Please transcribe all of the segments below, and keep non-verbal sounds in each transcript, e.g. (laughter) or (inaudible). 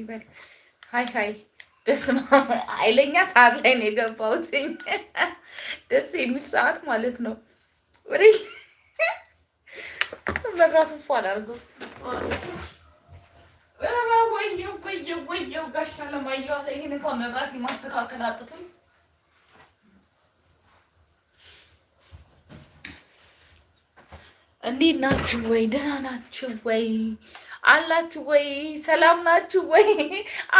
ይበል። ሀይ ሀይ በስመ ኃይለኛ ሰዓት ላይ ነው የገባሁት ደስ የሚል ሰዓት ማለት ነው። ወሬ መብራት ፏ አላርገው ወየው ወየው ወየው ጋሽ አለማየሁ ይህን እንኳን መብራት የማስተካከል አቅቶኝ እንዴት ናችሁ ወይ? ደህና ናችሁ ወይ? አላችሁ ወይ? ሰላም ናችሁ ወይ?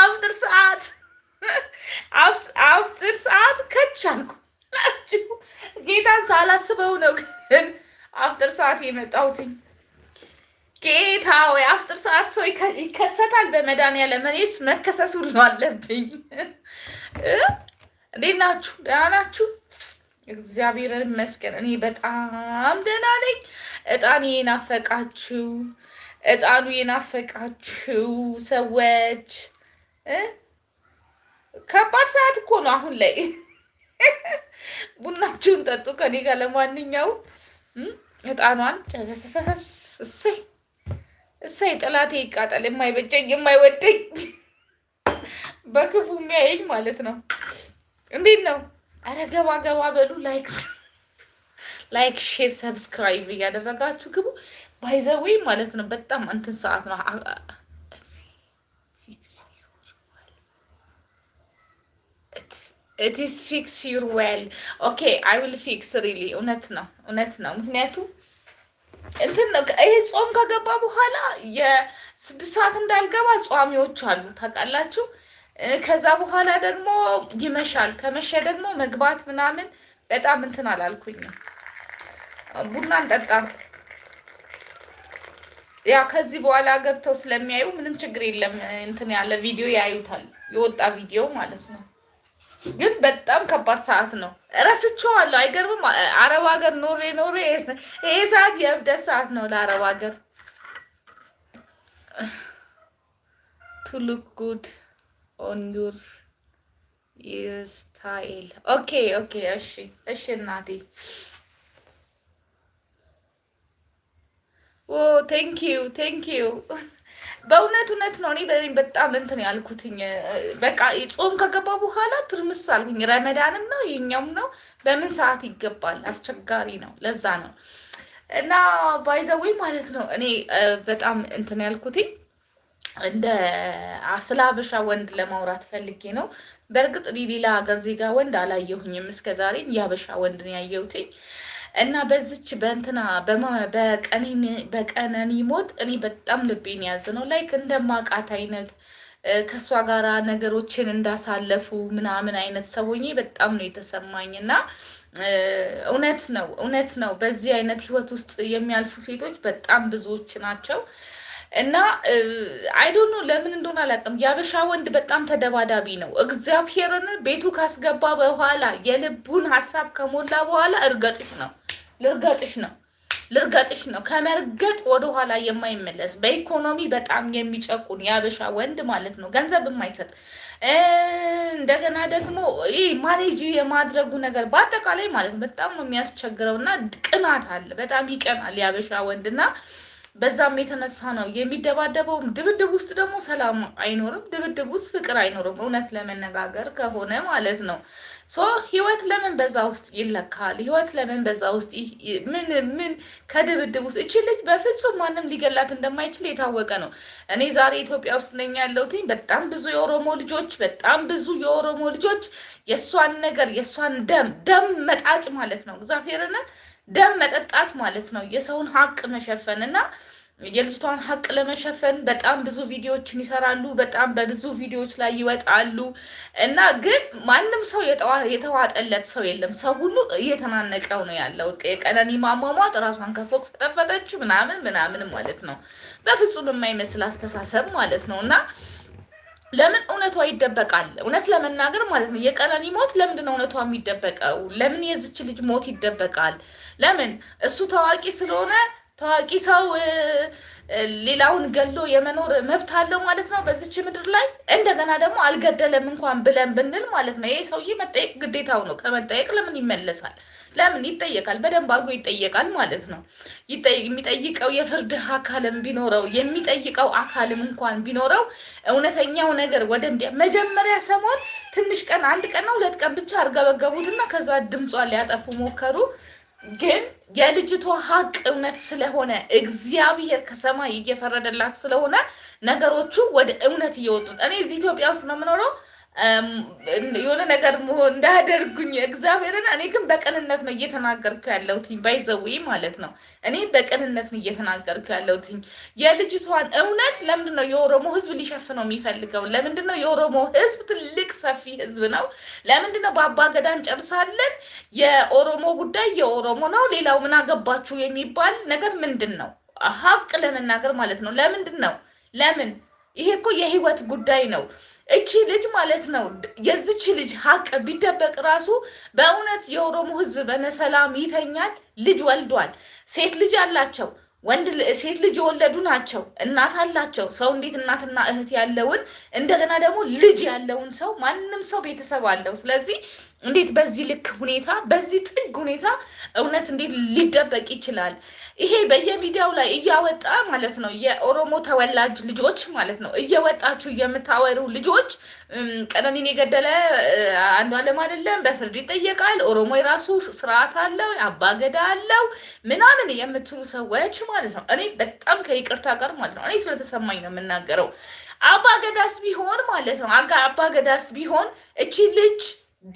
አፍጥር ሰዓት አፍጥር ሰዓት ከች አልኩላችሁ። ጌታን ሳላስበው ነው ግን አፍጥር ሰዓት የመጣሁትኝ። ጌታ ወይ አፍጥር ሰዓት ሰው ይከሰታል። በመድኃኒዓለም እኔስ መከሰስ ሁሉ አለብኝ። እንዴት ናችሁ? ደህና ናችሁ? እግዚአብሔር ይመስገን እኔ በጣም ደህና ነኝ። እጣኔ ናፈቃችሁ እጣኑ የናፈቃችሁ ሰዎች ከባድ ሰዓት እኮ ነው አሁን ላይ። (laughs) ቡናችሁን ጠጡ ከኔ ጋር። ለማንኛውም እጣኗን እሰይ እሰይ፣ ጠላቴ ይቃጠል፣ የማይበጀኝ የማይወደኝ (laughs) በክፉ የሚያየኝ ማለት ነው። እንዴት ነው? አረ ገባ ገባ በሉ። ላይክ ላይክ፣ ሼር፣ ሰብስክራይብ እያደረጋችሁ ግቡ። ባይዘዌ ማለት ነው። በጣም እንትን ሰዓት ነው። ኢትስ ፊክስ ዩር ዌል ኦኬ አይ ዊል ፊክስ ሪሊ እውነት ነው፣ እውነት ነው። ምክንያቱም እንትን ነው ይሄ ጾም ከገባ በኋላ የስድስት ሰዓት እንዳልገባ ጿሚዎች አሉ ታውቃላችሁ። ከዛ በኋላ ደግሞ ይመሻል። ከመሸ ደግሞ መግባት ምናምን በጣም እንትን አላልኩኝም። ቡና እንጠጣ ያ ከዚህ በኋላ ገብተው ስለሚያዩ ምንም ችግር የለም። እንትን ያለ ቪዲዮ ያዩታል፣ የወጣ ቪዲዮ ማለት ነው። ግን በጣም ከባድ ሰዓት ነው። አለው አይገርምም? አረብ ሀገር ኖሬ ኖሬ ይሄ ሰዓት የእብደት ሰዓት ነው ለአረብ ሀገር። ቱ ጉድ ኦን ዩር ስታይል። ኦኬ ኦኬ። እሺ እሺ እናቴ ኦ ቴንክ ዩ ቴንክ ዩ በእውነት እውነት ነው። እኔ በጣም እንትን ያልኩትኝ በቃ ጾም ከገባ በኋላ ትርምስ አልኩኝ። ረመዳንም ነው የኛውም ነው። በምን ሰዓት ይገባል? አስቸጋሪ ነው። ለዛ ነው እና ባይዘዌ ማለት ነው እኔ በጣም እንትን ያልኩትኝ እንደ ስለ ሀበሻ ወንድ ለማውራት ፈልጌ ነው። በእርግጥ ሌላ ሀገር ዜጋ ወንድ አላየሁኝም እስከዛሬ። የሀበሻ ወንድ ያየሁትኝ እና በዚች በእንትና በቀነኒ ሞት እኔ በጣም ልቤን ያዝ ነው ላይክ እንደማቃት አይነት ከእሷ ጋር ነገሮችን እንዳሳለፉ ምናምን አይነት ሰውዬ በጣም ነው የተሰማኝ። እና እውነት ነው እውነት ነው በዚህ አይነት ህይወት ውስጥ የሚያልፉ ሴቶች በጣም ብዙዎች ናቸው። እና አይዶኖ ለምን እንደሆነ አላውቅም። የአበሻ ወንድ በጣም ተደባዳቢ ነው። እግዚአብሔርን ቤቱ ካስገባ በኋላ የልቡን ሀሳብ ከሞላ በኋላ እርገጡት ነው። ልርገጥሽ ነው ልርገጥሽ ነው። ከመርገጥ ወደኋላ የማይመለስ በኢኮኖሚ በጣም የሚጨቁን የአበሻ ወንድ ማለት ነው። ገንዘብ የማይሰጥ እንደገና ደግሞ ይህ ማኔጅ የማድረጉ ነገር በአጠቃላይ ማለት ነው በጣም ነው የሚያስቸግረው እና ቅናት አለ። በጣም ይቀናል የአበሻ ወንድና በዛም የተነሳ ነው የሚደባደበው። ድብድብ ውስጥ ደግሞ ሰላም አይኖርም። ድብድብ ውስጥ ፍቅር አይኖርም። እውነት ለመነጋገር ከሆነ ማለት ነው። ሶ ህይወት ለምን በዛ ውስጥ ይለካል? ህይወት ለምን በዛ ውስጥ ምን ምን ከድብድብ ውስጥ እቺ ልጅ በፍጹም ማንም ሊገላት እንደማይችል የታወቀ ነው። እኔ ዛሬ ኢትዮጵያ ውስጥ ነኝ ያለሁትኝ በጣም ብዙ የኦሮሞ ልጆች በጣም ብዙ የኦሮሞ ልጆች የእሷን ነገር የእሷን ደም ደም መጣጭ ማለት ነው እግዚአብሔርና ደም መጠጣት ማለት ነው የሰውን ሀቅ መሸፈን እና የልጅቷን ሀቅ ለመሸፈን በጣም ብዙ ቪዲዮዎችን ይሰራሉ። በጣም በብዙ ቪዲዮዎች ላይ ይወጣሉ እና ግን ማንም ሰው የተዋጠለት ሰው የለም። ሰው ሁሉ እየተናነቀው ነው ያለው። የቀነኒ ማሟሟት ራሷን ከፎቅ ፈጠፈጠች ምናምን ምናምን ማለት ነው። በፍጹም የማይመስል አስተሳሰብ ማለት ነው እና ለምን እውነቷ ይደበቃል? እውነት ለመናገር ማለት ነው የቀነኒ ሞት ለምንድነው እውነቷ የሚደበቀው? ለምን የዝች ልጅ ሞት ይደበቃል? ለምን እሱ ታዋቂ ስለሆነ ታዋቂ ሰው ሌላውን ገሎ የመኖር መብት አለው ማለት ነው በዚች ምድር ላይ። እንደገና ደግሞ አልገደለም እንኳን ብለን ብንል ማለት ነው ይሄ ሰውዬ መጠየቅ ግዴታው ነው። ከመጠየቅ ለምን ይመለሳል? ለምን ይጠየቃል? በደንብ አድርጎ ይጠየቃል ማለት ነው። የሚጠይቀው የፍርድ አካልም ቢኖረው የሚጠይቀው አካልም እንኳን ቢኖረው እውነተኛው ነገር ወደ መጀመሪያ ሰሞን ትንሽ ቀን አንድ ቀን ነው ሁለት ቀን ብቻ አርገበገቡትና ከዛ ድምጿን ሊያጠፉ ሞከሩ። ግን የልጅቷ ሀቅ እውነት ስለሆነ እግዚአብሔር ከሰማይ እየፈረደላት ስለሆነ ነገሮቹ ወደ እውነት እየወጡት እኔ እዚህ ኢትዮጵያ ውስጥ ነው የምኖረው የሆነ ነገር መሆን እንዳደርጉኝ እግዚአብሔርን። እኔ ግን በቅንነት ነው እየተናገርኩ ያለሁትኝ፣ ባይዘዌ ማለት ነው። እኔ በቅንነት ነው እየተናገርኩ ያለሁትኝ። የልጅቷን እውነት ለምንድን ነው የኦሮሞ ሕዝብ ሊሸፍነው የሚፈልገው? ለምንድን ነው የኦሮሞ ሕዝብ ትልቅ ሰፊ ሕዝብ ነው። ለምንድን ነው በአባ ገዳ እንጨርሳለን፣ የኦሮሞ ጉዳይ የኦሮሞ ነው፣ ሌላው ምን አገባችሁ የሚባል ነገር ምንድን ነው? ሀቅ ለመናገር ማለት ነው። ለምንድን ነው ለምን? ይሄ እኮ የህይወት ጉዳይ ነው። እቺ ልጅ ማለት ነው የዚች ልጅ ሀቅ ቢደበቅ ራሱ በእውነት የኦሮሞ ህዝብ በነሰላም ይተኛል። ልጅ ወልዷል። ሴት ልጅ አላቸው፣ ወንድ ሴት ልጅ የወለዱ ናቸው፣ እናት አላቸው። ሰው እንዴት እናትና እህት ያለውን እንደገና ደግሞ ልጅ ያለውን ሰው ማንም ሰው ቤተሰብ አለው። ስለዚህ እንዴት በዚህ ልክ ሁኔታ በዚህ ጥግ ሁኔታ እውነት እንዴት ሊደበቅ ይችላል? ይሄ በየሚዲያው ላይ እያወጣ ማለት ነው የኦሮሞ ተወላጅ ልጆች ማለት ነው እየወጣችሁ የምታወሩ ልጆች ቀነኒን የገደለ አንዷለም አይደለም በፍርድ ይጠየቃል። ኦሮሞ የራሱ ስርዓት አለው፣ አባገዳ አለው ምናምን የምትሉ ሰዎች ማለት ነው እኔ በጣም ከይቅርታ ጋር ማለት ነው እኔ ስለተሰማኝ ነው የምናገረው። አባገዳስ ቢሆን ማለት ነው አባገዳስ ቢሆን እቺ ልጅ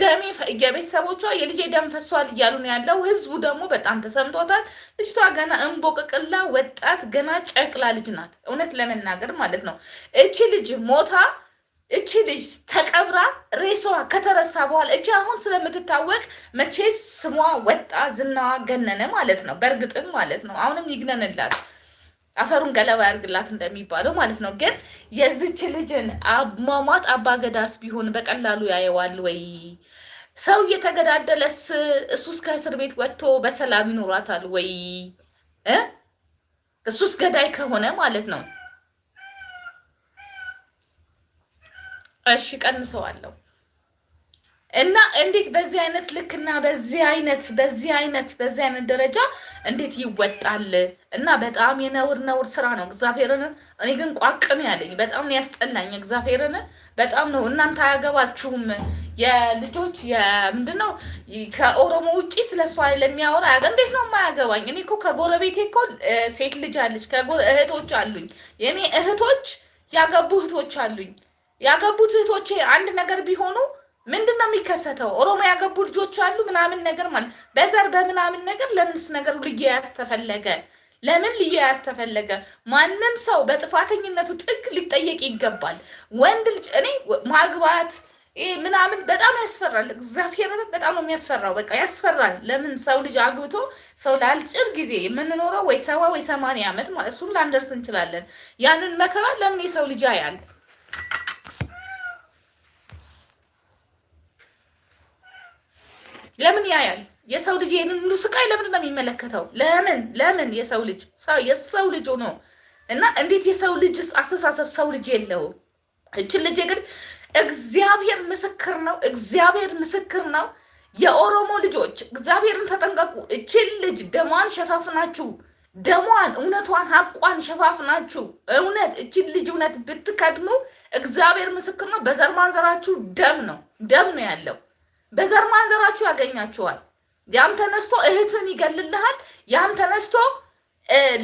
ደሜ የቤተሰቦቿ የልጄ ደም ፈሷል እያሉ ነው ያለው። ህዝቡ ደግሞ በጣም ተሰምቶታል። ልጅቷ ገና እንቦቅቅላ ወጣት ገና ጨቅላ ልጅ ናት፣ እውነት ለመናገር ማለት ነው። እቺ ልጅ ሞታ እቺ ልጅ ተቀብራ ሬሷ ከተረሳ በኋላ እቺ አሁን ስለምትታወቅ መቼ ስሟ ወጣ፣ ዝናዋ ገነነ ማለት ነው። በእርግጥም ማለት ነው አሁንም ይግነንላት። አፈሩን ገለባ ያርግላት እንደሚባለው ማለት ነው። ግን የዚች ልጅን አሟሟት አባገዳስ ቢሆን በቀላሉ ያየዋል ወይ? ሰው እየተገዳደለስ እሱስ ከእስር ቤት ወጥቶ በሰላም ይኖራታል ወይ? እሱስ ገዳይ ከሆነ ማለት ነው። እሺ ቀንሰዋለሁ። እና እንዴት በዚህ አይነት ልክ እና በዚህ አይነት በዚህ አይነት በዚህ አይነት ደረጃ እንዴት ይወጣል? እና በጣም የነውር ነውር ስራ ነው። እግዚአብሔርን እኔ ግን ቋቅም ያለኝ በጣም ነው ያስጠላኝ። እግዚአብሔርን በጣም ነው። እናንተ አያገባችሁም። የልጆች የምንድን ነው ከኦሮሞ ውጭ ስለሷ ለሚያወራ እንዴት ነው የማያገባኝ? እኔ እኮ ከጎረቤቴ እኮ ሴት ልጅ አለች፣ እህቶች አሉኝ። የእኔ እህቶች ያገቡ እህቶች አሉኝ። ያገቡት እህቶቼ አንድ ነገር ቢሆኑ ምንድን ነው የሚከሰተው? ኦሮሞ ያገቡ ልጆች አሉ ምናምን ነገር ማለት በዘር በምናምን ነገር ለምንስ ነገር ልዩ ያስተፈለገ ለምን ልዩ ያስተፈለገ ማንም ሰው በጥፋተኝነቱ ጥግ ሊጠየቅ ይገባል። ወንድ ልጅ እኔ ማግባት ምናምን በጣም ያስፈራል። እግዚአብሔር በጣም ነው የሚያስፈራው። በቃ ያስፈራል። ለምን ሰው ልጅ አግብቶ ሰው ለአጭር ጊዜ የምንኖረው ወይ ሰባ ወይ ሰማንያ ዓመት እሱም ላንደርስ እንችላለን። ያንን መከራ ለምን የሰው ልጅ ያያል? ለምን ያያል? የሰው ልጅ ይህንን ሁሉ ስቃይ ለምንድን ነው የሚመለከተው? ለምን ለምን የሰው ልጅ የሰው ልጅ ሆኖ እና እንዴት የሰው ልጅ አስተሳሰብ ሰው ልጅ የለውም። እችን ልጅ ግን እግዚአብሔር ምስክር ነው። እግዚአብሔር ምስክር ነው። የኦሮሞ ልጆች እግዚአብሔርን ተጠንቀቁ። እችን ልጅ ደሟን ሸፋፍናችሁ ደሟን እውነቷን ሀቋን ሸፋፍናችሁ እውነት እችን ልጅ እውነት ብትከድኑ እግዚአብሔር ምስክር ነው። በዘር ማንዘራችሁ ደም ነው ደም ነው ያለው በዘር ማንዘራችሁ ያገኛችኋል። ያም ተነስቶ እህትን ይገልልሃል። ያም ተነስቶ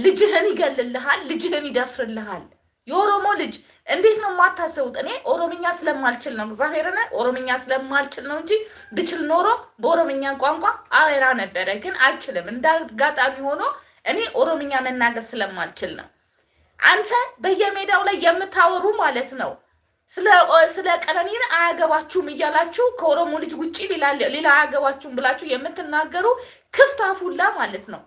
ልጅህን ይገልልሃል። ልጅህን ይደፍርልሃል። የኦሮሞ ልጅ እንዴት ነው የማታስቡት? እኔ ኦሮምኛ ስለማልችል ነው እግዚአብሔር ኦሮምኛ ስለማልችል ነው እንጂ ብችል ኖሮ በኦሮምኛ ቋንቋ አወራ ነበረ። ግን አልችልም። እንደ ሆኖ እኔ ኦሮምኛ መናገር ስለማልችል ነው። አንተ በየሜዳው ላይ የምታወሩ ማለት ነው ስለ ቀነኒን አያገባችሁም እያላችሁ ከኦሮሞ ልጅ ውጭ ሌላ አያገባችሁም ብላችሁ የምትናገሩ ክፍት አፉላ ማለት ነው።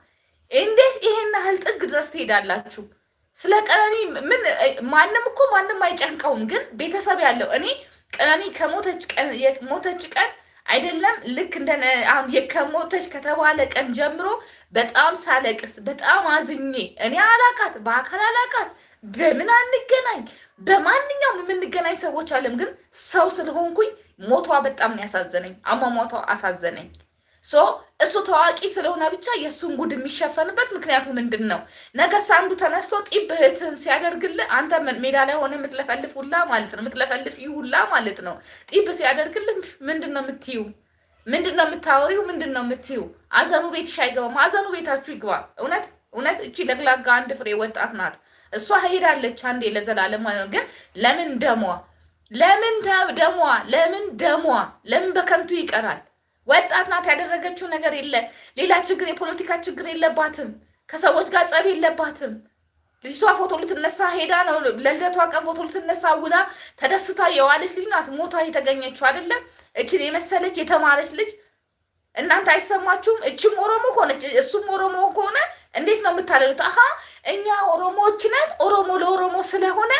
እንዴት ይሄን ያህል ጥግ ድረስ ትሄዳላችሁ? ስለ ቀነኒ ምን ማንም እኮ ማንም አይጨንቀውም፣ ግን ቤተሰብ ያለው እኔ ቀነኒ ከሞተች ቀን አይደለም ልክ እንደ ከሞተች ከተባለ ቀን ጀምሮ በጣም ሳለቅስ በጣም አዝኜ እኔ አላቃት በአካል አላቃት በምን አንገናኝ። በማንኛውም የምንገናኝ ሰዎች አለም፣ ግን ሰው ስለሆንኩኝ ሞቷ በጣም ነው ያሳዘነኝ። አሟሟቷ አሳዘነኝ። ሶ እሱ ታዋቂ ስለሆነ ብቻ የእሱን ጉድ የሚሸፈንበት ምክንያቱ ምንድን ነው? ነገስ አንዱ ተነስቶ ጢብ እህትን ሲያደርግልህ አንተ ሜዳ ላይ ሆነ የምትለፈልፍ ሁላ ማለት ነው የምትለፈልፍ ሁላ ማለት ነው። ጢብ ሲያደርግልህ ምንድን ነው የምትዩ? ምንድን ነው የምታወሪው? ምንድን ነው የምትዩ? አዘኑ ቤትሽ አይገባም። አዘኑ ቤታችሁ ይግባ። እውነት እውነት እቺ ለግላጋ አንድ ፍሬ ወጣት ናት። እሷ ሄዳለች አንዴ ለዘላለም ማለት ነው። ግን ለምን ደሟ ለምን ደሟ ለምን ደሟ ለምን በከንቱ ይቀራል? ወጣት ናት። ያደረገችው ነገር የለ ሌላ ችግር የፖለቲካ ችግር የለባትም። ከሰዎች ጋር ጸብ የለባትም። ልጅቷ ፎቶ ልትነሳ ሄዳ ነው። ለልደቷ ቀን ፎቶ ልትነሳ ውላ ተደስታ የዋለች ልጅ ናት። ሞታ የተገኘችው አይደለም። እችን የመሰለች የተማረች ልጅ እናንተ አይሰማችሁም? እችም ኦሮሞ ከሆነች እሱም ኦሮሞ ከሆነ እንዴት ነው የምታደሉት? አሀ እኛ ኦሮሞዎች ነን። ኦሮሞ ለኦሮሞ ስለሆነ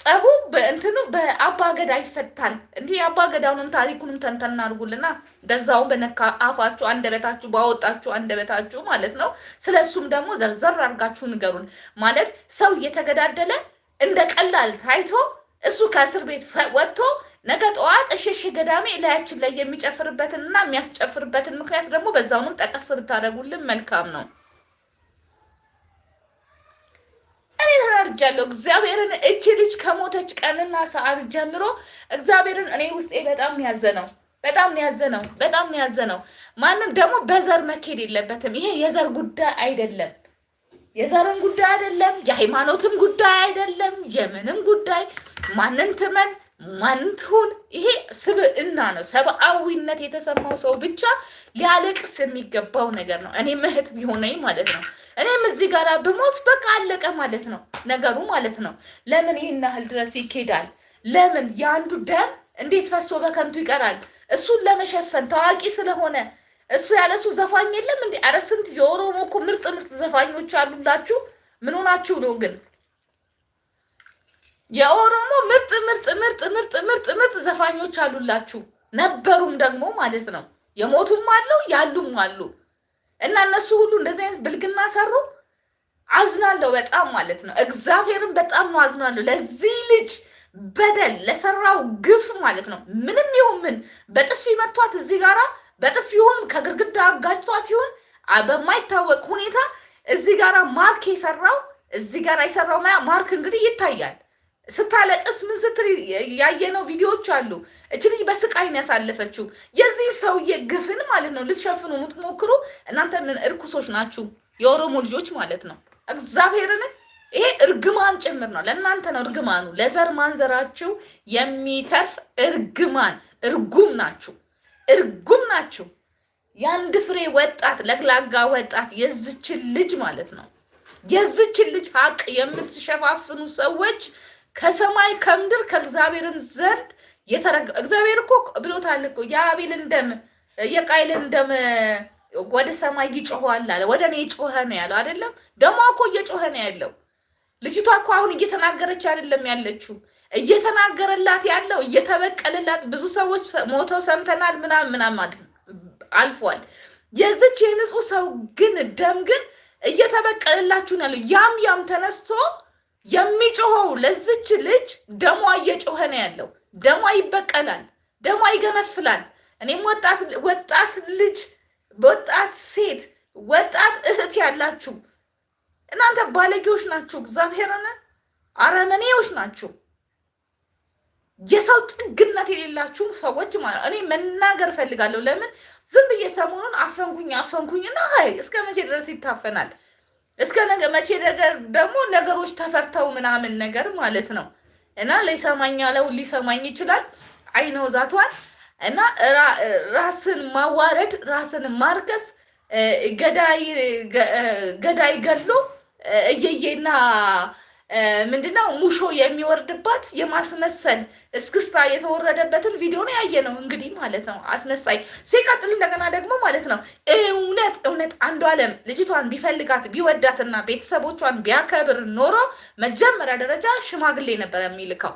ጸቡ በእንትኑ በአባ ገዳ ይፈታል። እንዲህ የአባ ገዳውንም ታሪኩንም ተንተና አድርጉልና እንደዛው በነካ አፋችሁ አንደበታችሁ ባወጣችሁ አንደበታችሁ ማለት ነው። ስለ እሱም ደግሞ ዘርዘር አድርጋችሁ ንገሩን። ማለት ሰው እየተገዳደለ እንደ ቀላል ታይቶ እሱ ከእስር ቤት ወጥቶ ነገ ጠዋት እሸሽ ገዳሜ ላያችን ላይ የሚጨፍርበትንና የሚያስጨፍርበትን ምክንያት ደግሞ በዛውንም ጠቀስ ብታደርጉልን መልካም ነው። እኔ ተናድጃለሁ። እግዚአብሔርን እች ልጅ ከሞተች ቀንና ሰዓት ጀምሮ እግዚአብሔርን እኔ ውስጤ በጣም ያዘ ነው በጣም ያዘ ነው በጣም ያዘ ነው። ማንም ደግሞ በዘር መኬድ የለበትም። ይሄ የዘር ጉዳይ አይደለም። የዘርን ጉዳይ አይደለም። የሃይማኖትም ጉዳይ አይደለም። የምንም ጉዳይ ማንን ትመን ማንን ትሁን፣ ይሄ ስብዕና ነው። ሰብአዊነት የተሰማው ሰው ብቻ ሊያለቅስ የሚገባው ነገር ነው። እኔ ምህት ቢሆነኝ ማለት ነው እኔም እዚህ ጋር ብሞት በቃ አለቀ ማለት ነው ነገሩ ማለት ነው። ለምን ይህን ያህል ድረስ ይኬዳል? ለምን የአንዱ ደም እንዴት ፈሶ በከንቱ ይቀራል? እሱን ለመሸፈን ታዋቂ ስለሆነ እሱ ያለ ዘፋኝ የለም እንዴ? ኧረ ስንት የኦሮሞ እኮ ምርጥ ምርጥ ዘፋኞች አሉላችሁ። ምን ሆናችሁ ነው ግን? የኦሮሞ ምርጥ ምርጥ ምርጥ ምርጥ ምርጥ ምርጥ ዘፋኞች አሉላችሁ ነበሩም ደግሞ ማለት ነው። የሞቱም አሉ ያሉም አሉ። እና እነሱ ሁሉ እንደዚህ አይነት ብልግና ሰሩ። አዝናለሁ በጣም ማለት ነው። እግዚአብሔርን በጣም ነው አዝናለሁ ለዚህ ልጅ በደል ለሰራው ግፍ ማለት ነው። ምንም ይሁን ምን በጥፊ መቷት እዚህ ጋራ በጥፊውም ከግርግዳ አጋጭቷት ይሁን በማይታወቅ ሁኔታ እዚህ ጋራ ማርክ የሰራው እዚህ ጋር የሰራው ማርክ እንግዲህ ይታያል። ስታለቅስ ምን ስትል ያየነው ቪዲዮዎች አሉ። እች ልጅ በስቃይ ነው ያሳለፈችው። የዚህ ሰውዬ ግፍን ማለት ነው ልትሸፍኑ የምትሞክሩ እናንተ ምን እርኩሶች ናችሁ? የኦሮሞ ልጆች ማለት ነው። እግዚአብሔርን ይሄ እርግማን ጭምር ነው። ለእናንተ ነው እርግማኑ። ለዘር ማንዘራችሁ የሚተርፍ እርግማን፣ እርጉም ናችሁ፣ እርጉም ናችሁ። የአንድ ፍሬ ወጣት ለግላጋ ወጣት የዝችን ልጅ ማለት ነው የዝችን ልጅ ሀቅ የምትሸፋፍኑ ሰዎች ከሰማይ ከምድር ከእግዚአብሔርን ዘንድ የተረገ እግዚአብሔር እኮ ብሎታል እኮ የአቤልን ደም የቃይልን ደም ወደ ሰማይ ይጮኋል አለ። ወደ እኔ ጮኸ ነው ያለው አይደለም? ደሟ እኮ እየጮኸ ነው ያለው። ልጅቷ እኮ አሁን እየተናገረች አይደለም ያለችው እየተናገረላት ያለው እየተበቀለላት። ብዙ ሰዎች ሞተው ሰምተናል ምናምን ምናምን አልፏል። የዚች የንጹህ ሰው ግን ደም ግን እየተበቀለላችሁ ነው ያለው። ያም ያም ተነስቶ የሚጮኸው ለዝች ልጅ ደሟ እየጮኸ ነው ያለው። ደሟ ይበቀላል፣ ደሟ ይገነፍላል። እኔም ወጣት ልጅ፣ ወጣት ሴት፣ ወጣት እህት ያላችሁ እናንተ ባለጌዎች ናችሁ፣ እግዚአብሔርን አረመኔዎች ናችሁ፣ የሰው ጥግነት የሌላችሁ ሰዎች ማለት እኔ መናገር እፈልጋለሁ። ለምን ዝም ብዬ ሰሞኑን አፈንኩኝ አፈንኩኝ እና ሀይ እስከ መቼ ድረስ ይታፈናል? እስከ ነገ መቼ ነገር ደግሞ ነገሮች ተፈርተው ምናምን ነገር ማለት ነው እና ሊሰማኝ ያለው ሊሰማኝ ይችላል። አይነው ዛቷል እና ራስን ማዋረድ፣ ራስን ማርከስ፣ ገዳይ ገሎ እየዬና ምንድነው ሙሾ የሚወርድባት የማስመሰል እስክስታ የተወረደበትን ቪዲዮ ነው ያየ ነው እንግዲህ ማለት ነው። አስመሳይ ሲቀጥል እንደገና ደግሞ ማለት ነው እውነት እውነት አንዱ አለም ልጅቷን ቢፈልጋት ቢወዳትና ቤተሰቦቿን ቢያከብር ኖሮ መጀመሪያ ደረጃ ሽማግሌ ነበር የሚልከው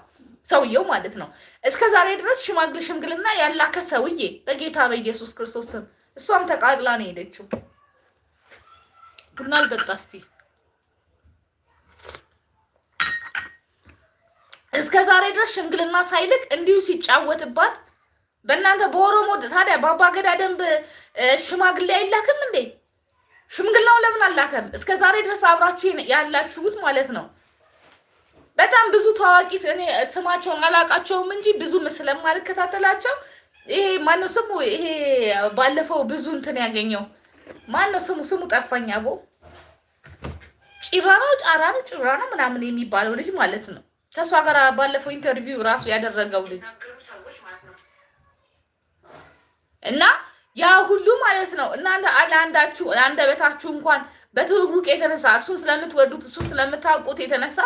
ሰውየው ማለት ነው። እስከ ዛሬ ድረስ ሽማግሌ ሽምግልና ያላከ ሰውዬ በጌታ በኢየሱስ ክርስቶስ ስም እሷም ተቃጥላ ነው የሄደችው። ቡና ልጠጣ እስኪ። እስከ ዛሬ ድረስ ሽምግልና ሳይልክ እንዲሁ ሲጫወትባት በእናንተ በኦሮሞ ታዲያ በአባ ገዳ ደንብ ሽማግሌ አይላክም እንዴ? ሽምግልናውን ለምን አላከም? እስከ ዛሬ ድረስ አብራችሁ ያላችሁት ማለት ነው። በጣም ብዙ ታዋቂ እኔ ስማቸውን አላቃቸውም እንጂ ብዙ ስለማልከታተላቸው ይሄ ማነው ስሙ? ይሄ ባለፈው ብዙ እንትን ያገኘው ማነው ስሙ? ስሙ ጠፋኝ። አቦ ጭራ ነው ጫራ ነው ጭራ ነው ምናምን የሚባለው ልጅ ማለት ነው ከእሷ ጋር ባለፈው ኢንተርቪው ራሱ ያደረገው ልጅ እና ያ ሁሉ ማለት ነው። እናንተ ለአንዳችሁ አንደበታችሁ እንኳን በትውውቅ የተነሳ እሱን ስለምትወዱት እሱን ስለምታውቁት የተነሳ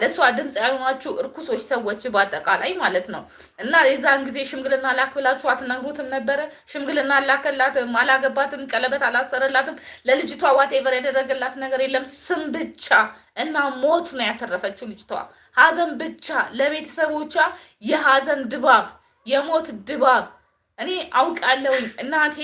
ለእሷ ድምፅ ያልሆናችሁ እርኩሶች ሰዎች በአጠቃላይ ማለት ነው። እና የዛን ጊዜ ሽምግልና ላክ ብላችሁ አትነግሩትም ነበረ? ሽምግልና አላከላትም፣ አላገባትም፣ ቀለበት አላሰረላትም። ለልጅቷ ዋቴቨር ያደረገላት ነገር የለም። ስም ብቻ እና ሞት ነው ያተረፈችው ልጅቷ። ሀዘን ብቻ ለቤተሰቦቿ የሀዘን ድባብ፣ የሞት ድባብ እኔ አውቃለሁኝ እናቴ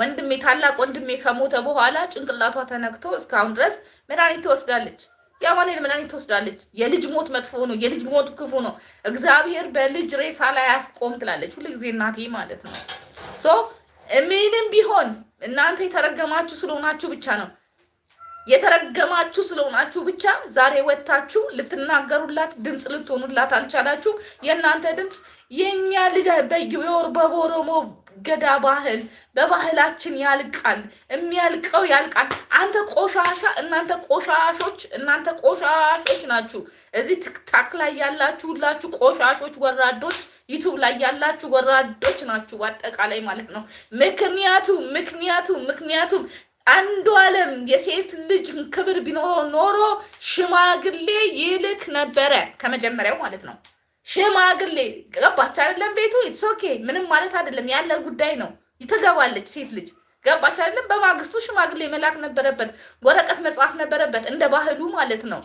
ወንድሜ ታላቅ ወንድሜ ከሞተ በኋላ ጭንቅላቷ ተነክቶ እስካሁን ድረስ መድኃኒት ትወስዳለች። የአማኑኤል መድኃኒት ትወስዳለች። የልጅ ሞት መጥፎ ነው፣ የልጅ ሞት ክፉ ነው፣ እግዚአብሔር በልጅ ሬሳ ላይ ያስቆም ትላለች ሁልጊዜ እናቴ ማለት ነው። ሶ ምንም ቢሆን እናንተ የተረገማችሁ ስለሆናችሁ ብቻ ነው የተረገማችሁ ስለሆናችሁ ብቻ ዛሬ ወጥታችሁ ልትናገሩላት ድምፅ ልትሆኑላት አልቻላችሁ። የእናንተ ድምፅ የእኛ ልጅ በኦሮሞ ገዳ ባህል በባህላችን ያልቃል። የሚያልቀው ያልቃል። አንተ ቆሻሻ፣ እናንተ ቆሻሾች፣ እናንተ ቆሻሾች ናችሁ። እዚህ ትክታክ ላይ ያላችሁ ሁላችሁ ቆሻሾች፣ ወራዶች፣ ዩቱብ ላይ ያላችሁ ወራዶች ናችሁ፣ በአጠቃላይ ማለት ነው። ምክንያቱም ምክንያቱም ምክንያቱም አንዱ ዓለም የሴት ልጅ ክብር ቢኖረው ኖሮ ሽማግሌ ይልክ ነበረ ከመጀመሪያው ማለት ነው። ሽማግሌ ገባች አይደለም ቤቱ ኢትስ ኦኬ ምንም ማለት አይደለም ያለ ጉዳይ ነው ትገባለች ሴት ልጅ ገባች አይደለም በማግስቱ ሽማግሌ መላክ ነበረበት ወረቀት መጽሐፍ ነበረበት እንደ ባህሉ ማለት ነው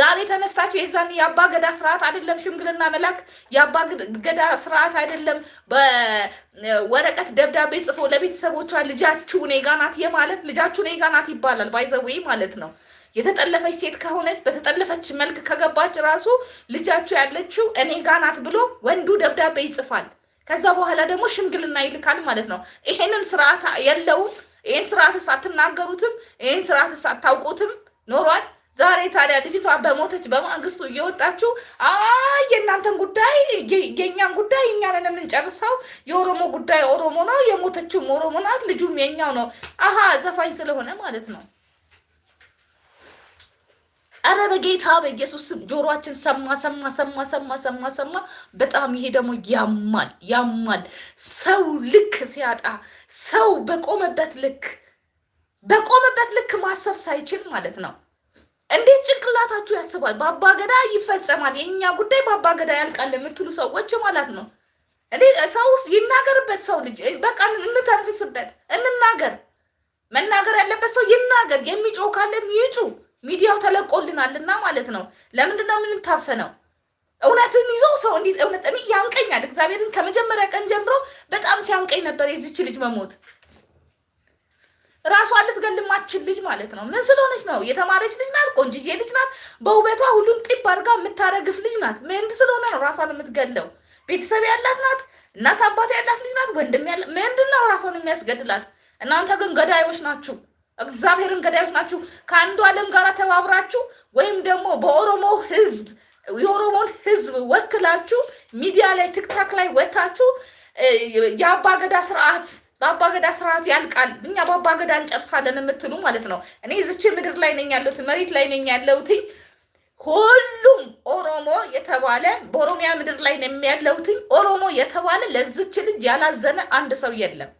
ዛሬ ተነስታችሁ የዛን የአባ ገዳ ስርዓት አይደለም ሽምግልና መላክ የአባ ገዳ ስርዓት አይደለም በወረቀት ደብዳቤ ጽፎ ለቤተሰቦቿ ልጃችሁ እኔ ጋ ናት የማለት ልጃችሁ እኔ ጋ ናት ይባላል ባይዘዌ ማለት ነው የተጠለፈች ሴት ከሆነች በተጠለፈች መልክ ከገባች ራሱ ልጃቸው ያለችው እኔ ጋ ናት ብሎ ወንዱ ደብዳቤ ይጽፋል። ከዛ በኋላ ደግሞ ሽምግልና ይልካል ማለት ነው። ይሄንን ስርዓት የለውም። ይህን ስርዓትስ አትናገሩትም። ይህን ስርዓትስ አታውቁትም ኖሯል። ዛሬ ታዲያ ልጅቷ በሞተች በማግስቱ እየወጣችሁ አይ የእናንተን ጉዳይ የእኛን ጉዳይ እኛንን የምንጨርሰው የኦሮሞ ጉዳይ ኦሮሞ ነው፣ የሞተችውም ኦሮሞ ናት፣ ልጁም የኛው ነው። አሀ ዘፋኝ ስለሆነ ማለት ነው። አረ በጌታ በኢየሱስ ጆሮአችን ሰማ ሰማ ሰማ ሰማ ሰማ ሰማ። በጣም ይሄ ደግሞ ያማል ያማል። ሰው ልክ ሲያጣ ሰው በቆመበት ልክ በቆመበት ልክ ማሰብ ሳይችል ማለት ነው። እንዴት ጭንቅላታችሁ ያስባል? በአባ ገዳ ይፈጸማል የእኛ ጉዳይ በአባ ገዳ ያልቃል የምትሉ ሰዎች ማለት ነው። ሰው ይናገርበት፣ ሰው ልጅ በቃ እንተንፍስበት፣ እንናገር። መናገር ያለበት ሰው ይናገር። የሚጮህ ካለም ይጩ ሚዲያው ተለቆልናልና ማለት ነው። ለምንድን ነው የምንታፈነው? እውነትን ይዞ ሰው እንዴት እውነት እኔ ያንቀኛል። እግዚአብሔርን ከመጀመሪያ ቀን ጀምሮ በጣም ሲያንቀኝ ነበር የዚች ልጅ መሞት። ራሷ ልትገል ማትችል ልጅ ማለት ነው። ምን ስለሆነች ነው? የተማረች ልጅ ናት፣ ቆንጅዬ ልጅ ናት፣ በውበቷ ሁሉን ጢብ አድርጋ የምታረግፍ ልጅ ናት። ምንድ ስለሆነ ነው ራሷን የምትገለው? ቤተሰብ ያላት ናት፣ እናት አባት ያላት ልጅ ናት፣ ወንድም ያላት ምንድን ነው ራሷን የሚያስገድላት? እናንተ ግን ገዳዮች ናችሁ። እግዚአብሔርን ገዳዮች ናችሁ። ከአንዱ ዓለም ጋር ተባብራችሁ ወይም ደግሞ በኦሮሞ ህዝብ የኦሮሞን ህዝብ ወክላችሁ ሚዲያ ላይ ትክታክ ላይ ወታችሁ የአባገዳ ስርዓት በአባገዳ ስርዓት ያልቃል፣ እኛ በአባገዳ እንጨርሳለን የምትሉ ማለት ነው። እኔ ዝች ምድር ላይ ነኝ ያለሁት መሬት ላይ ነኝ ያለሁት ሁሉም ኦሮሞ የተባለ በኦሮሚያ ምድር ላይ ነው ያለሁት። ኦሮሞ የተባለ ለዝች ልጅ ያላዘነ አንድ ሰው የለም።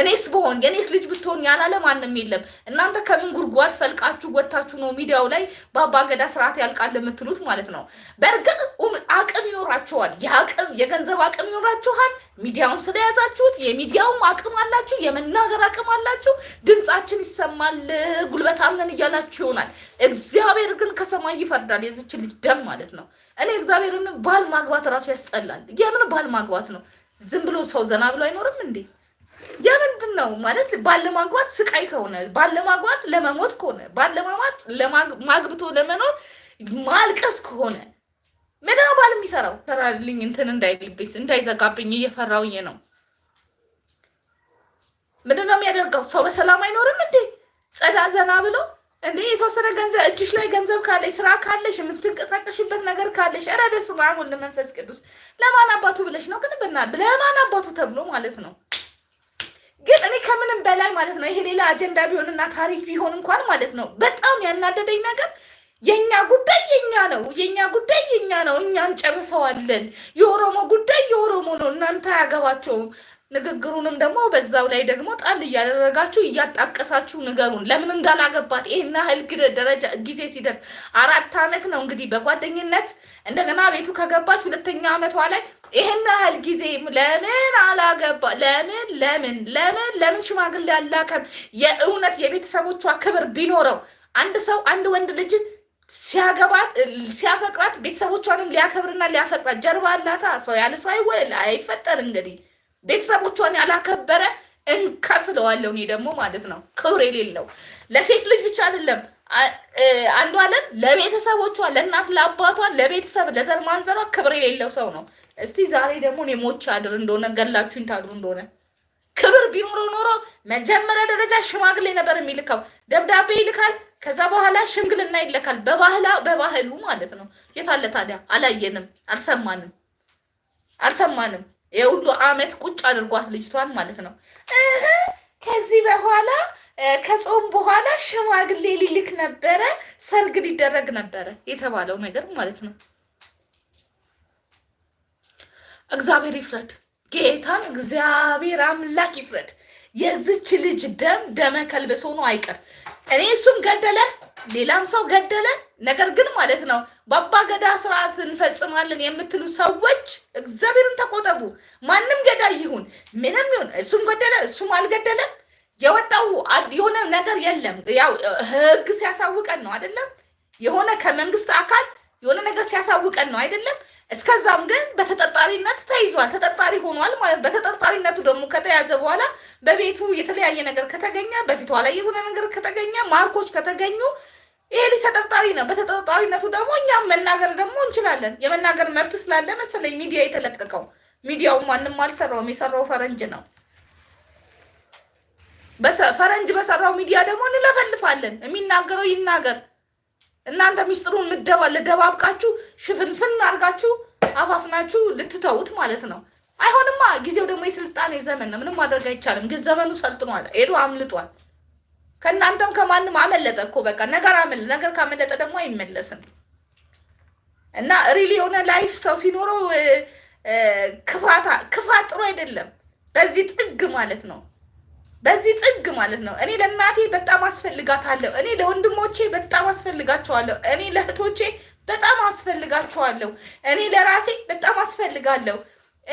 እኔስ በሆን የእኔስ ልጅ ብትሆን ያላለ ማንም የለም። እናንተ ከምን ጉድጓድ ፈልቃችሁ ወታችሁ ነው ሚዲያው ላይ በአባገዳ ስርዓት ያልቃል የምትሉት ማለት ነው። በእርግጥ አቅም ይኖራችኋል፣ የአቅም የገንዘብ አቅም ይኖራችኋል። ሚዲያውን ስለያዛችሁት የሚዲያውም አቅም አላችሁ፣ የመናገር አቅም አላችሁ። ድምፃችን ይሰማል፣ ጉልበት አምነን እያላችሁ ይሆናል። እግዚአብሔር ግን ከሰማይ ይፈርዳል የዚች ልጅ ደም ማለት ነው። እኔ እግዚአብሔርን ባል ማግባት እራሱ ያስጠላል። የምን ባል ማግባት ነው? ዝም ብሎ ሰው ዘና ብሎ አይኖርም እንዴ? የምንድን ነው ማለት ባለማግባት ስቃይ ከሆነ ባለማግባት ለመሞት ከሆነ ባለማማት ማግብቶ ለመኖር ማልቀስ ከሆነ ምንድን ነው ባል የሚሰራው? ሰራልኝ እንትን እንዳይልብኝ እንዳይዘጋብኝ እየፈራውኝ ነው። ምንድን ነው የሚያደርገው? ሰው በሰላም አይኖርም እንዴ? ጸዳ ዘና ብሎ እንዴ የተወሰነ ገንዘብ እጅሽ ላይ ገንዘብ ካለሽ ስራ ካለሽ የምትንቀሳቀሽበት ነገር ካለሽ፣ ኧረ በስመ አብ ወወልድ ወመንፈስ ቅዱስ ለማን አባቱ ብለሽ ነው ግን ብና ለማን አባቱ ተብሎ ማለት ነው ግን እኔ ከምንም በላይ ማለት ነው ይሄ ሌላ አጀንዳ ቢሆንና ታሪክ ቢሆን እንኳን ማለት ነው በጣም ያናደደኝ ነገር የእኛ ጉዳይ የኛ ነው፣ የእኛ ጉዳይ የኛ ነው፣ እኛ እንጨርሰዋለን። የኦሮሞ ጉዳይ የኦሮሞ ነው፣ እናንተ ያገባቸው ንግግሩንም ደግሞ በዛው ላይ ደግሞ ጣል እያደረጋችሁ እያጣቀሳችሁ ንገሩን ለምን እንዳላገባት ይሄና ህል ደረጃ ጊዜ ሲደርስ አራት ዓመት ነው እንግዲህ በጓደኝነት እንደገና ቤቱ ከገባች ሁለተኛ ዓመቷ ላይ ይሄን ያህል ጊዜ ለምን አላገባ? ለምን ለምን ለምን ለምን ሽማግሌ አላከም? የእውነት የቤተሰቦቿ ክብር ቢኖረው አንድ ሰው አንድ ወንድ ልጅ ሲያገባት ሲያፈቅራት ቤተሰቦቿንም ሊያከብርና ሊያፈቅራት ጀርባ አላታ። ሰው ያለ ሰው አይወል አይፈጠር። እንግዲህ ቤተሰቦቿን ያላከበረ እንከፍለዋለሁ እኔ ደግሞ ማለት ነው። ክብር የሌለው ለሴት ልጅ ብቻ አይደለም አንዷ አለም ለቤተሰቦቿ ለእናት ለአባቷ፣ ለቤተሰብ ለዘር ማንዘሯ ክብር የሌለው ሰው ነው። እስቲ ዛሬ ደግሞ እኔ አድር እንደሆነ ገላችሁኝ ታድሩ እንደሆነ ክብር ቢኖረ ኖሮ መጀመሪያ ደረጃ ሽማግሌ ነበር የሚልካው። ደብዳቤ ይልካል፣ ከዛ በኋላ ሽምግልና ይለካል። በባህሉ ማለት ነው። የታለ ታዲያ? አላየንም፣ አልሰማንም፣ አልሰማንም። የሁሉ አመት ቁጭ አድርጓት ልጅቷን ማለት ነው። ከዚህ በኋላ ከጾም በኋላ ሽማግሌ ሊልክ ነበረ፣ ሰርግ ሊደረግ ነበረ የተባለው ነገር ማለት ነው። እግዚአብሔር ይፍረድ። ጌታ እግዚአብሔር አምላክ ይፍረድ። የዚች ልጅ ደም ደመ ከልብስ ሆኖ አይቀር። እኔ እሱም ገደለ፣ ሌላም ሰው ገደለ። ነገር ግን ማለት ነው በአባ ገዳ ስርዓት እንፈጽማለን የምትሉ ሰዎች እግዚአብሔርን ተቆጠቡ። ማንም ገዳ ይሁን ምንም ይሁን እሱም ገደለ እሱም አልገደለም የወጣው የሆነ ነገር የለም። ያው ህግ ሲያሳውቀን ነው አይደለም? የሆነ ከመንግስት አካል የሆነ ነገር ሲያሳውቀን ነው አይደለም? እስከዛም ግን በተጠርጣሪነት ተይዟል። ተጠርጣሪ ሆኗል ማለት በተጠርጣሪነቱ ደግሞ ከተያዘ በኋላ በቤቱ የተለያየ ነገር ከተገኘ፣ በፊቷ ላይ የሆነ ነገር ከተገኘ፣ ማርኮች ከተገኙ ይሄ ልጅ ተጠርጣሪ ነው። በተጠርጣሪነቱ ደግሞ እኛም መናገር ደግሞ እንችላለን። የመናገር መብት ስላለ መሰለኝ ሚዲያ የተለቀቀው። ሚዲያው ማንም አልሰራውም፣ የሰራው ፈረንጅ ነው። ፈረንጅ በሰራው ሚዲያ ደግሞ እንለፈልፋለን። የሚናገረው ይናገር እናንተ ሚስጥሩን ልደባብቃችሁ ሽፍንፍን አርጋችሁ አፋፍናችሁ ልትተውት ማለት ነው። አይሆንማ። ጊዜው ደግሞ የስልጣኔ ዘመን ነው። ምንም ማድረግ አይቻልም። ግን ዘመኑ ሰልጥኗል። ሄዶ አምልጧል። ከእናንተም ከማንም አመለጠ እኮ በቃ ነገር አመለ ነገር ካመለጠ ደግሞ አይመለስም። እና ሪል የሆነ ላይፍ ሰው ሲኖረው ክፋት ጥሩ አይደለም። በዚህ ጥግ ማለት ነው። በዚህ ጥግ ማለት ነው። እኔ ለእናቴ በጣም አስፈልጋታለሁ። እኔ ለወንድሞቼ በጣም አስፈልጋቸዋለሁ። እኔ ለእህቶቼ በጣም አስፈልጋቸዋለሁ። እኔ ለራሴ በጣም አስፈልጋለሁ።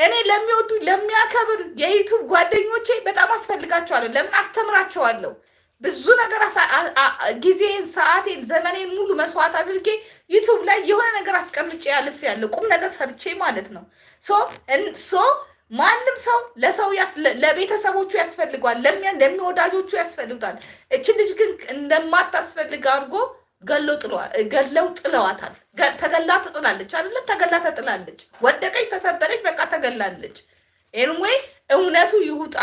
እኔ ለሚወዱ ለሚያከብር የዩቱብ ጓደኞቼ በጣም አስፈልጋቸዋለሁ። ለምን አስተምራቸዋለሁ። ብዙ ነገር ጊዜን፣ ሰዓቴን፣ ዘመኔን ሙሉ መስዋዕት አድርጌ ዩቱብ ላይ የሆነ ነገር አስቀምጬ ያልፍ ያለው ቁም ነገር ሰርቼ ማለት ነው ሶ ማንም ሰው ለሰው ለቤተሰቦቹ ያስፈልጓል፣ ለሚወዳጆቹ ያስፈልጓል። እችን ልጅ ግን እንደማታስፈልግ አድርጎ ገለው ጥለዋታል። ተገላ ትጥላለች አይደለም ተገላ ተጥላለች። ወደቀች፣ ተሰበረች፣ በቃ ተገላለች። ኤንዌይ እውነቱ ይውጣ።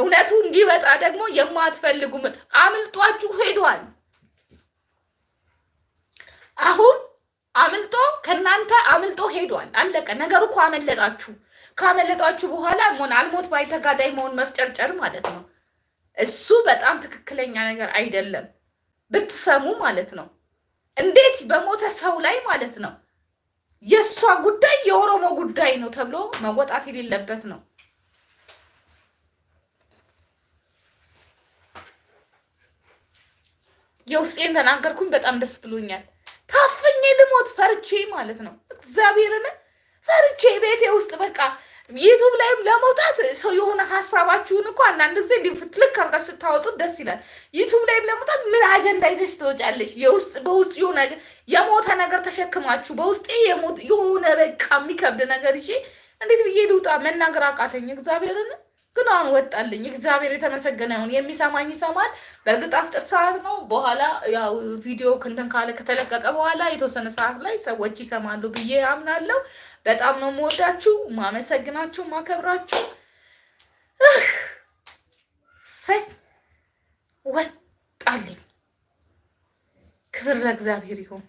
እውነቱ እንዲመጣ ደግሞ የማትፈልጉም አምልጧችሁ ሄዷል። አሁን አምልጦ ከእናንተ አምልጦ ሄዷል። አለቀ ነገሩ እኮ አመለጣችሁ። ካመለጣችሁ በኋላ ሆን አልሞት ባይ ተጋዳይ መሆን መፍጨርጨር ማለት ነው። እሱ በጣም ትክክለኛ ነገር አይደለም፣ ብትሰሙ ማለት ነው። እንዴት በሞተ ሰው ላይ ማለት ነው የእሷ ጉዳይ የኦሮሞ ጉዳይ ነው ተብሎ መወጣት የሌለበት ነው። የውስጤን ተናገርኩኝ። በጣም ደስ ብሎኛል። ታፍኜ ልሞት ፈርቼ ማለት ነው እግዚአብሔርን ፈርቼ ቤቴ ውስጥ በቃ ዩቱብ ላይም ለመውጣት ሰው የሆነ ሀሳባችሁን እኮ አንዳንድ ጊዜ እንዲህ ፍትልክ አድርጋችሁ ስታወጡት ደስ ይላል። ዩቱብ ላይም ለመውጣት ምን አጀንዳ ይዘሽ ትወጫለሽ? የውስጥ በውስጥ የሆነ የሞተ ነገር ተሸክማችሁ በውስጥ የሆነ በቃ የሚከብድ ነገር ይዤ እንዴት ብዬ ልውጣ? መናገር አቃተኝ። እግዚአብሔርን ግን አሁን ወጣልኝ። እግዚአብሔር የተመሰገነ ይሁን። የሚሰማኝ ይሰማል። በእርግጥ አፍጥር ሰዓት ነው። በኋላ ያው ቪዲዮ ክንትን ካለ ከተለቀቀ በኋላ የተወሰነ ሰዓት ላይ ሰዎች ይሰማሉ ብዬ አምናለሁ። በጣም ነው የምወዳችሁ፣ ማመሰግናችሁ፣ ማከብራችሁ። ሰይ ወጣልኝ። ክብር ለእግዚአብሔር ይሁን።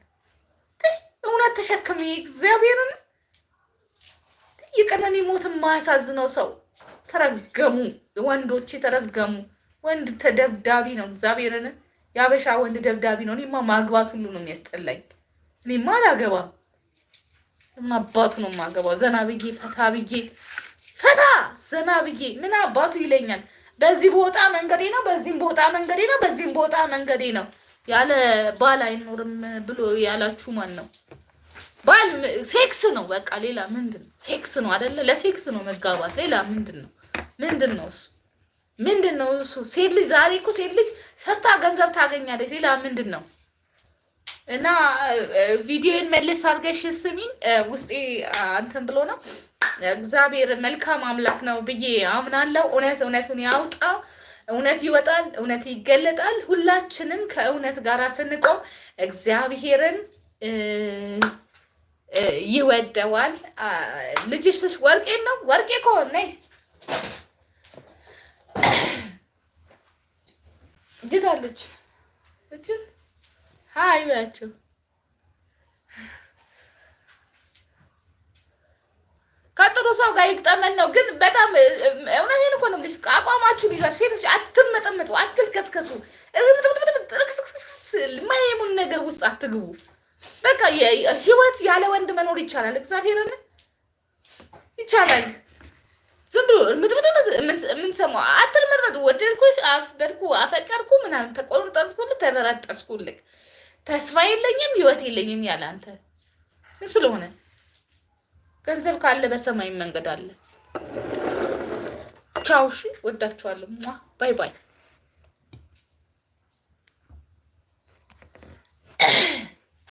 እውነት ተሸክሜ እግዚአብሔርን የቀነኒ ሞት የማያሳዝነው ሰው ተረገሙ። ወንዶች የተረገሙ ወንድ ተደብዳቢ ነው። እግዚአብሔርን የአበሻ ወንድ ደብዳቢ ነው። እኔማ ማግባት ሁሉ ነው የሚያስጠላኝ። እኔማ አላገባም። ምን አባቱ ነው የማገባው? ዘና ብዬ ፈታ ብዬ ፈታ ዘና ብዬ ምን አባቱ ይለኛል? በዚህ ቦታ መንገዴ ነው፣ በዚህም ቦታ መንገዴ ነው፣ በዚህም ቦታ መንገዴ ነው። ያለ ባል አይኖርም ብሎ ያላችሁ ማን ነው? ባል ሴክስ ነው በቃ። ሌላ ምንድን ነው? ሴክስ ነው አይደለ? ለሴክስ ነው መጋባት። ሌላ ምንድን ነው? ምንድን ነው እሱ? ምንድን ነው እሱ? ሴት ልጅ ዛሬ እኮ ሴት ልጅ ሰርታ ገንዘብ ታገኛለች። ሌላ ምንድን ነው? እና ቪዲዮን መልስ አድርገሽ ስሚኝ። ውስጤ አንተን ብሎ ነው። እግዚአብሔር መልካም አምላክ ነው ብዬ አምናለሁ። እውነት እውነቱን ያውጣ፣ እውነት ይወጣል፣ እውነት ይገለጣል። ሁላችንም ከእውነት ጋር ስንቆም እግዚአብሔርን ይወደዋል። ልጅሽ ወርቄ ነው። ወርቄ ከሆነ (clears throat) ጌታለች ሀይ ብላችሁ ከጥሩ ሰው ጋር ይግጠመን ነው። ግን በጣም እውነቴን እኮ ነው የምልሽ። አቋማችሁን ይዛችሁ ሴቶች አትመጠመጡ፣ አትልከስከሱ፣ ማየሙን ነገር ውስጥ አትግቡ። በቃ ህይወት ያለ ወንድ መኖር ይቻላል። እግዚአብሔርን ይቻላል። ዝም ብሎ የምንሰማው አትልመጥመጡ። ወደድኩ፣ በድኩ፣ አፈቀርኩ ምናምን ተቆርጠስኩልህ፣ ተበረጠስኩልህ ተስፋ የለኝም ህይወት የለኝም ያለ አንተ ምን ስለሆነ ገንዘብ ካለ በሰማይ መንገድ አለ። ቻው፣ እሺ፣ ወዳችኋለሁ። ባይ ባይ።